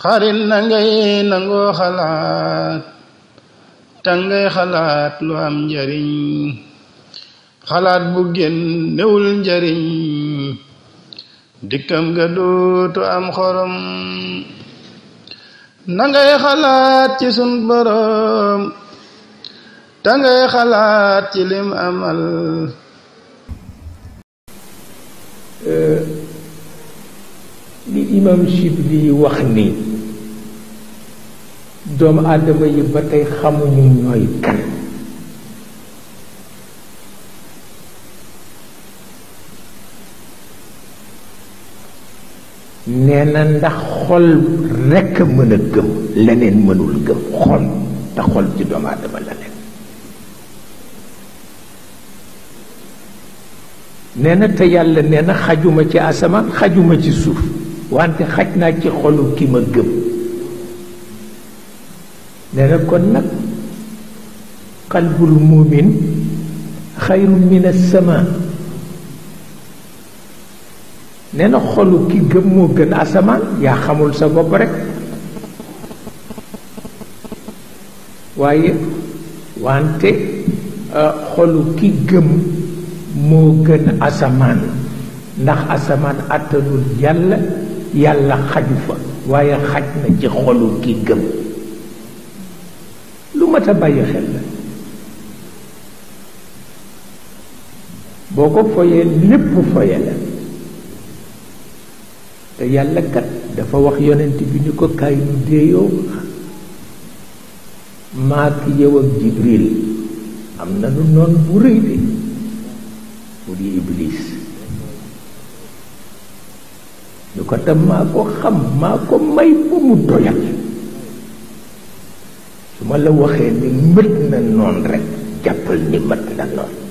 xarit na ngay nangoo xalaat te ngay xalaat lu am njariñ xalaat bu génnewul njariñ dikkam nga dootu am xorom na ngay xalaat ci sun boroom te ngay xalaat ci lim amal li imam Chibli wax ni doomu aadama yi ba tey xamuñu ñooy kan nee na ndax xol rekk mën a gëm leneen mënul gëm xol te xol ci doomu aadama la nekk nee na te yàlla nee na xajuma ci asamaan xajuma ci suuf wante xaj naa ci xolu ki ma gëm nee na kon nag qalbul muumin xayrun min as-samaa nee na xolu ki gëm moo gën asamaan yaa xamul sa bopp rekk waaye wante euh, xolu ki gëm moo gën asamaan ndax asamaan àttanul yàlla yàlla xaju fa waaye xaj na ci xolu ki gëm lu mat a bàyyi xel la boo ko foyee lépp foye la te yàlla kat dafa wax yonent bi ñu ko kaay ñu déeyoo maak yow ak jibril am na nu noon bu rëy de mu di iblis Dia kata mak kham, mak mai pun mudoyak. Cuma lawa ni mat nan non rek, japul ni mat nan non.